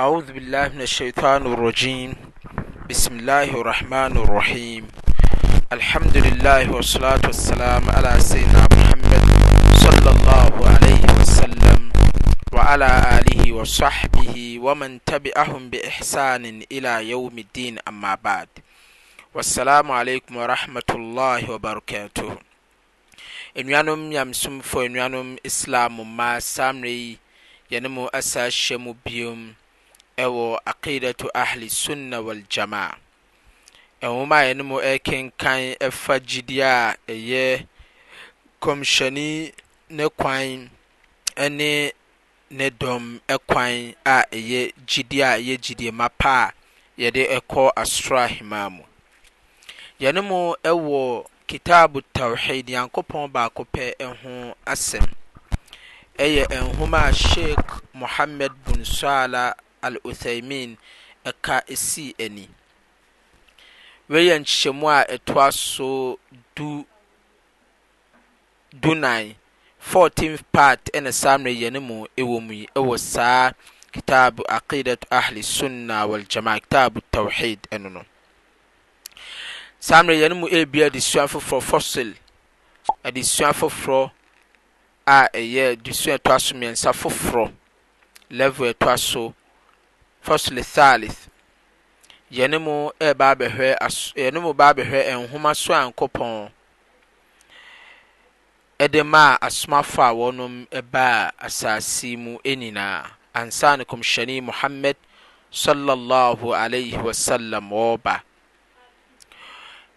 أعوذ بالله من الشيطان الرجيم بسم الله الرحمن الرحيم الحمد لله والصلاة والسلام على سيدنا محمد صلى الله عليه وسلم وعلى آله وصحبه ومن تبعهم بإحسان إلى يوم الدين أما بعد والسلام عليكم ورحمة الله وبركاته إنوانم nyamsomfo فإنوانم إسلام ما سامري ينمو أساشم بيوم ɛwɔ akidatu ahli sunna wal jamaa ɛwoma a yɛn mu ɛkenkan ɛfa gyidie a ɛyɛ kɔmhyɛni ne kwan ɛne ne dɔm ɛkwan a ɛyɛ gyidie a ɛyɛ gyidie mapa a yɛde ɛkɔ asoro ahema mu yɛn mu ɛwɔ kitaabu tawhid yankopɔn baako pɛ ɛho asɛm ɛyɛ nwoma a sheikh muhammad bun salah al-uthaymin ɛka esii ani wei yɛ nhyehyɛmu a ɛtoa so du dunan fourteenth part ɛna samre yɛ ne mu ɛwɔ mu yi ɛwɔ saa kitab aqidat ahli sunna wal jamaa kitab tawhid ɛno no samre yɛ ne mu ɛbi adesua foforɔ fossil adesua foforɔ a ɛyɛ adesua ɛtoa so mmiɛnsa foforɔ level ɛtoa so fasle thalith yɛne mu ɛɛba e abɛhwɛ as yɛne mu ba abɛhwɛ e nhoma so a nkɔpɔn ɛde e maa asomafo a wɔnom ba a asase mu nyinaa ansa ne kɔmhyɛne muhammad sallallahu alaihi wasallam wɔreba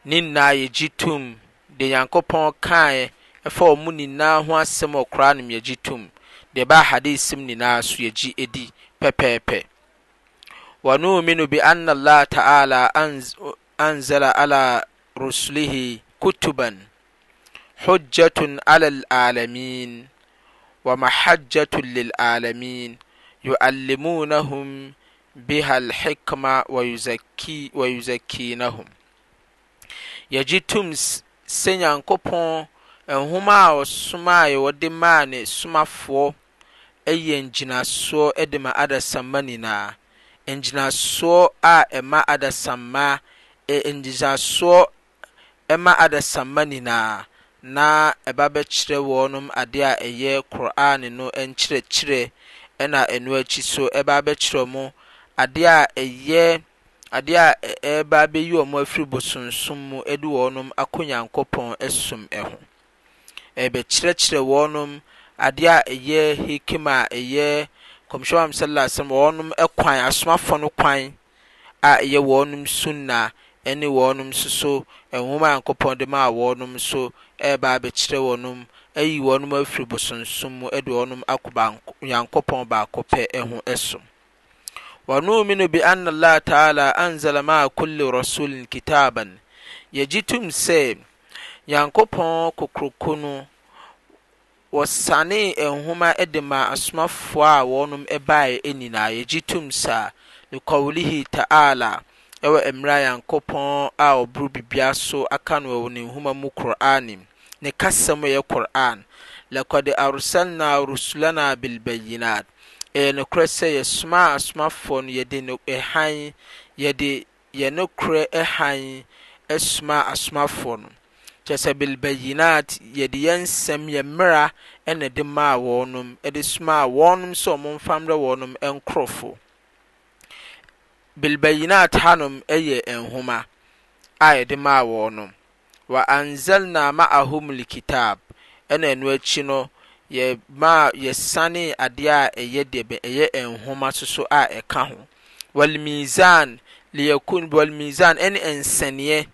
ne nyinaa yɛgye tom de nyankopɔn kaeɛ ɛfa wɔn mu nyinaa ho asɛm a ɔkora nom yɛgye tom deɛ ɛbaa hadisi mu nyinaa so yɛgye edi pɛpɛɛpɛ wanuuminu beana llah tala anzela la rusulih kutuba hogatn llalamin wamahagn lalamin yalimunahm bha lhikma wa yzakinahm yagi tum se nyankpɔn nhomaawsomaawde maane somafoɔ yngyinasoɔ dima adasaba nnyina ngyinasoɔ a ɛma adasamma ngyinasoɔ ɛma adasamma nyinaa na ɛba bɛkyerɛ wɔn adeɛ a ɛyɛ koran no nkyerɛkyerɛ ɛna ɛno akyi so ɛba bɛkyerɛ mo adeɛ a ɛyɛ adeɛ a ɛba bɛyi wɔn afiri bosonsom mu ɛde wɔn akɔ nkɔpɔn ɛsom ɛho ɛbɛkyerɛkyerɛ wɔn adeɛ a ɛyɛ hikima a ɛyɛ mihissm wɔnom kwan asoma fɔ no kwan a yɛ wɔnom sunna ɛne wɔnom soso homa nyankopɔn de maa wɔnom so baa bɛkyerɛ wɔnom ayi wɔnom afiri bɔsonsom mu ɛde wɔnom aknyankopɔn baakɔ pɛ ho som wanomenu biana lah taala ansela maa cule rusulin kitaban yɛgye tum sɛ nyankopɔn kokroko no wɔsane nhoma de ma asomafoɔ a wɔnom baeɛ nyinaa yɛgye tom saa lekaulihi ta'ala ɛwɔ mmerɛ a nyankopɔn a ɔboro bibia so aka no wɔ ne nhoma mu qur'ane mu ne kasɛm yɛ qur'an lakad arsalna rusulana bilbayinat ɛyɛ nokorɛ sɛ yɛsoma a asomafoɔ no yɛde no ɛhan yɛde yɛne korɛ han asoma asomafoɔ no kyɛ sɛ bilbayinat yɛde yɛn nsɛm yɛ mmera ɛna de maa wɔnom ɛde a wɔnom sɛ ɔmo dɛ wɔnom ɛnkorɔfo bilbayinat hanom ɛyɛ nhoma a yɛde maa wɔnom wa ma ahom likitab ɛna ɛno akyi no yɛ maa yɛsane adeɛ a ɛyɛ deɛ ɛyɛ nhoma soso a ɛka ho wal mizan liyakun ɛne nsɛnneɛ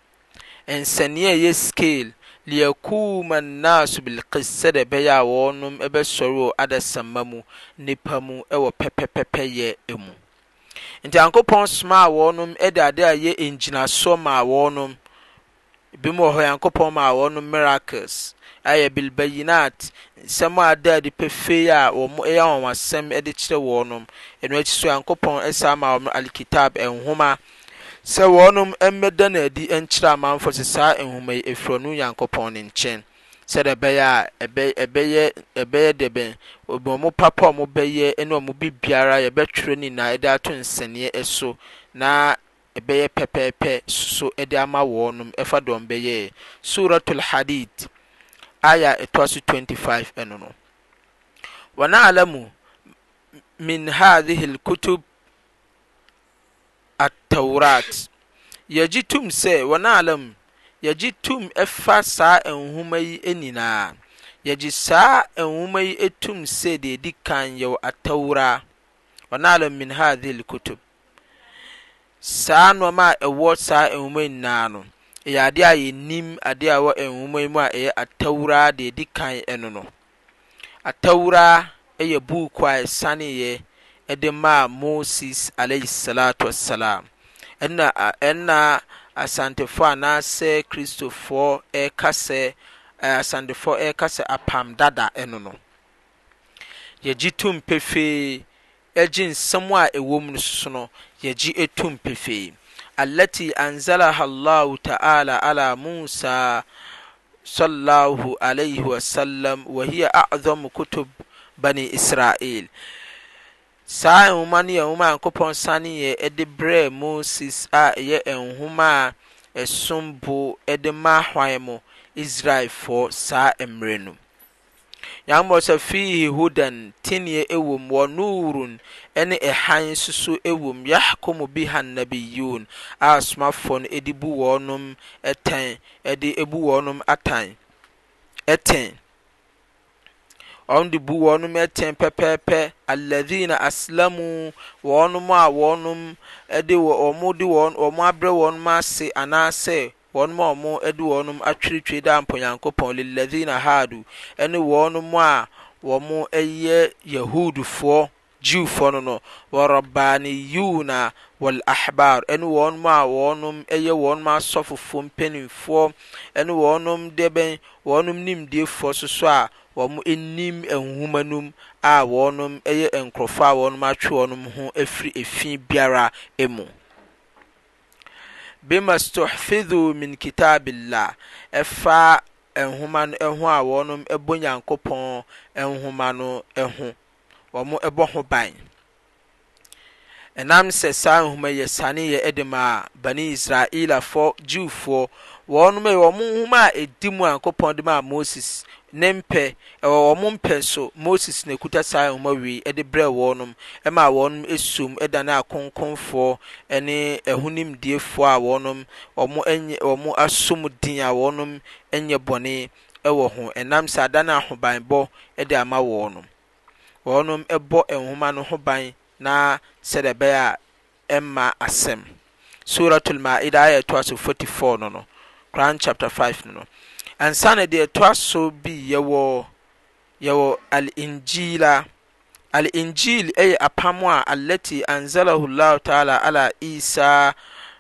nsɛnea ɛyɛ scale liakuma nnaso bilkisɛ de ɛbɛyɛ a wɔnom bɛsɔre wɔ adasamma mu nnipa mu wɔ pɛpɛpɛpɛyɛ mu nti nyankopɔn a wɔnom de ade a ɛyɛ ngyinasoɔ a wɔnom bi mu wɔ hɔ nyankopɔn a wɔnom miracles ayɛ bilbayinat nsɛm a ada ade pefee a wɔn ɛyɛ wɔn asɛm de kyerɛ wɔnom ɛno akyi so nyankopɔn ɛsa ma wɔn alkitab nhoma sɛ wɔɔnom mmɛda na adi nkyerɛ ama nfo sɛ saa humayi ɛfurɛnu nyankopɔn ne nkyɛn sɛdɛ ɛbɛyɛ a ɛbɛyɛ dɛ bɛn mo pa pa mo bɛyɛ ne ɔ mu bi biara yɛbɛtwerɛ nyinaa ɛde ato nsɛneɛ so na ɛbɛyɛ pɛpɛpɛ so ɛde ama wɔɔnom ɛfa dɔn bɛyɛ surat alhadit ya ɛtoa so 25 no nok at-taurat yɛgye tom sɛ wɔn alam yɛgye tum ɛfa saa nhoma yi nyinaa yɛgye sa nhoma yi etum sɛ de dikan kan yɛwɔ atawura wɔn alam min ha de likotub saa nneɛma a ɛwɔ saa nhoma yi nyinaa no ɛyɛ adeɛ a yɛnim adeɛ a ɛwɔ nhoma yi mu a ɛyɛ atawura de dikan kan ɛno no atawura ɛyɛ buku a ɛsane yɛ ɛde maa moses alaihi sslat wassalam ɛnna asantefoɔ anaasɛ kristofoɔ kasasantefoɔ ɛka sɛ apam dada ɛno no yɛgye tompe fe gye nsɛm a ɛwom no sso no yɛgye tumpe fe alati anseleha llah ta'ala ala mosa slh ah wasalam wa hiya adham kutub bani israil saa nwoma no yɛ nwoma a nyankopɔn sane yɛ de brɛ moses a ɛyɛ nwoma a ɛsom bo de ma hwan mu israelfoɔ saa mmerɛ no nyankopɔn sɛ fihi hudan tinie ɛwom wɔ nurun ɛne ɛhan soso ɛwom yahkomu biha nnabiyun a somafoɔ no de bu wɔnom ɛtɛn de bu wɔnom atan ɛtɛn ɔno de bu wɔnom atɛn pɛpɛɛpɛ alladhina aslamu wɔnom a wɔnom de wɔn de wɔn wɔn abrɛ wɔnom ase anaasɛ wɔnom a wɔn de wɔnom atwiritwiri da mpɔnyankopɔn lilladhina hadu ne wɔnom a wɔn yɛ yahudufoɔ jiwfoɔ no no wɔrɔbaaniyuna wal ahbar ɛne wɔn a wɔn yɛ wɔn asɔfofoɔ mpanimfoɔ ɛne wɔn de bɛn wɔn nimdeefoɔ soso a wɔn anim nhoma no mu a wɔn ɛyɛ nkurɔfoɔ a wɔn atwe wɔn ho afiri efi biara mu bima stohfidhu min kitabillah ɛfa nhoma no ho a wɔn bɔ nyankopɔn nhoma no ho wɔn bɔ ho ban ɛnam sɛ saa nhoma yɛ saneeɛ ɛde maa bani israelafoɔ jewfoɔ wɔnom yɛ wɔn nhoma a ɛdi mu a nkɔpɔn de maa moses ne mpɛ ɛwɔ wɔn mpɛ so moses na ekuta saa nhoma wei ɛde brɛ wɔnom ɛma wɔnom esum ɛda akonkonfoɔ ɛne ɛhonimdiefoɔ a wɔnom wɔn ɛnyɛ wɔn asom din a wɔnom ɛnyɛ bɔne ɛwɔ ho ɛnam saa da ahobanbɔ ɛde ama wɔnom wɔnom ɛbɔ nhoma no ho ban nasɛdebɛ a ma asɛm suratlmaida ayɛtoa so 44 no no krnp5 no no ɛnsane deɛtoa so bi ɔyɛwɔ alingila alingil yɛ apamu a alati ansalh tisa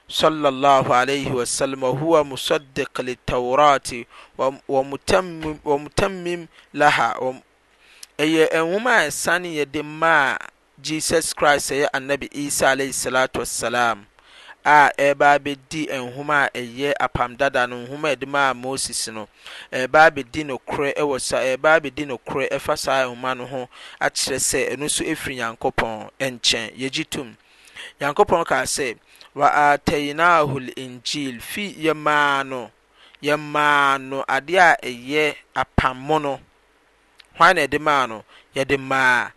wsm hwa musadik litawrat wa mutamim laha ɛyɛ huma a ɛsane yɛde maa jesus christ ɛyɛ annabi isa alayhi salato wassalam a ɛbaa bɛdi nhoma a ɛyɛ apam dada no nhoma a ɛde maa moses no babdinokorwɔ sabaabdi nokorɛ fa saa nhoma no ho akyerɛ sɛ ɛno nso firi nyankopɔn ɛnkyɛ yɛgye tom nyankopɔn kaa sɛ wartainaho lingil fi yɛmaa no yɛmaa no adeɛ a ɛyɛ apam mo no hwanne ɛde maa no yɛde maa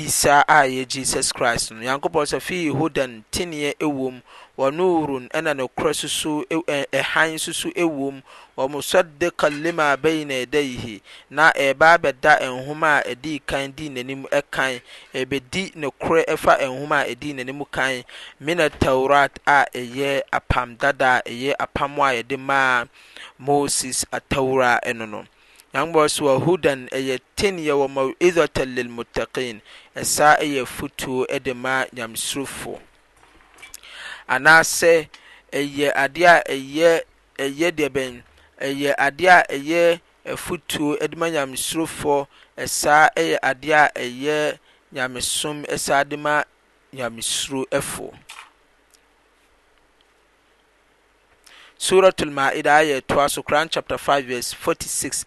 isa a yɛ jesus christ no nyankopɔn sɛ fii hudan teneɛ ɛwom wɔ nurun ɛna nokorɛ susu e, ɛhan susu ɛwom wɔ musaddiqa lima ɛda yihi na ɛba abɛda nhoma a ɛdi kan di n'anim ɛkan ɛbɛdi nokorɛ ɛfa nhoma a ɛdi n'anim kan mina taurat a ɛyɛ apam dada a ɛyɛ apam a yɛde maa moses ataura ɛno no nyaemoɛ so whodan ɛyɛ tin yɛwɔ mowizatan lilmutakine ɛsa ɛyɛ afotuo dema nyamesurofɔ anaasɛ ɛyɛ adeɛ a yɛ deɛbɛn ɛyɛ adeɛ a ɛyɛ afutuo de ma nyamesurofɔ ɛsaa ɛyɛ adeɛ a ɛyɛ nyamesom ɛsa de ma nyamesuro fu smyt sra 546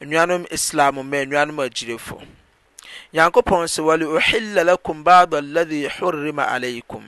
anom islamu me nuanom ajire fo yankopɔn se wale uhila lakum baada aladi hurrima aleikum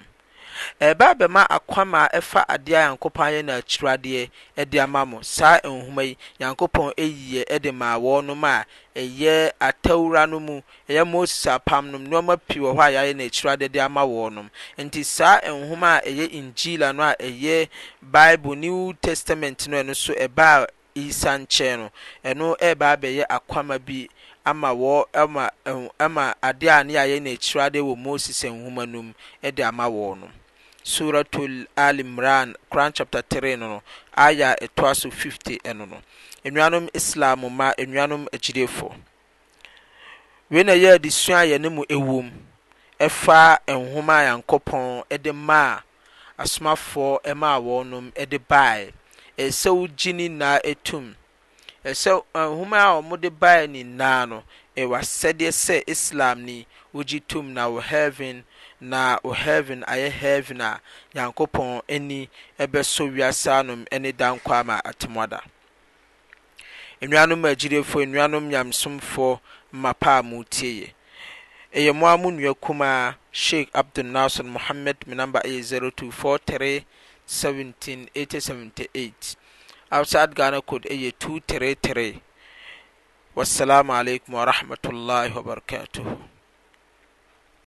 ɛɛba abɛma akwam a ɛfa adeɛ a nyankopɔn ayɛ no akyiradeɛ ɛde ama mo saa nhoma yi nyankopɔn ɛyiɛ ɛde maa wɔnom a ɛyɛ atawura no mu ɛyɛ moses apam nom nneɛma pii wɔ hɔ a yɛayɛ no akyiradeɛ de ama nom. nti saa nhoma a ɛyɛ ingyila no a ɛyɛ bible new testament no ɛno so ɛbaa isa nkyɛn no ɛno ɛɛba abɛyɛ akwama bi ama wɔ ama ɛma ama adeɛ a ne yɛayɛ no akyiradeɛ wɔ moses nhoma no mu ɛde ama nom. suratul al muran quran chapter 3 no no aya so eh, no islam ma nnuanom agyidefo wei na ɛyɛ adesua mu ɛfa nhoma yankɔpɔn ɛde ma a asomafoɔ ɛma wɔnom ɛde baeɛ ɛsɛ wogye ne ɛsɛ eh, nhoma a wɔde baeɛ ne nyinaa no ɛwɔ asɛdeɛ islam ni wogye tum na wɔ heaven na o ayɛ heaven a nyankopɔn ani bɛsɔ wiase anom ne da ama atemada nnuanom agyirefoɔ nnuanom nyamsomfoɔ mma pa a motie yɛ ɛyɛ mo a mo nnua kumaa sheikh abdul nasir muhammad me namba ɛyɛ 0243 17 outside ghana code ɛyɛ 233 wassalamu alaikum warahmatullahi wabarakatuhu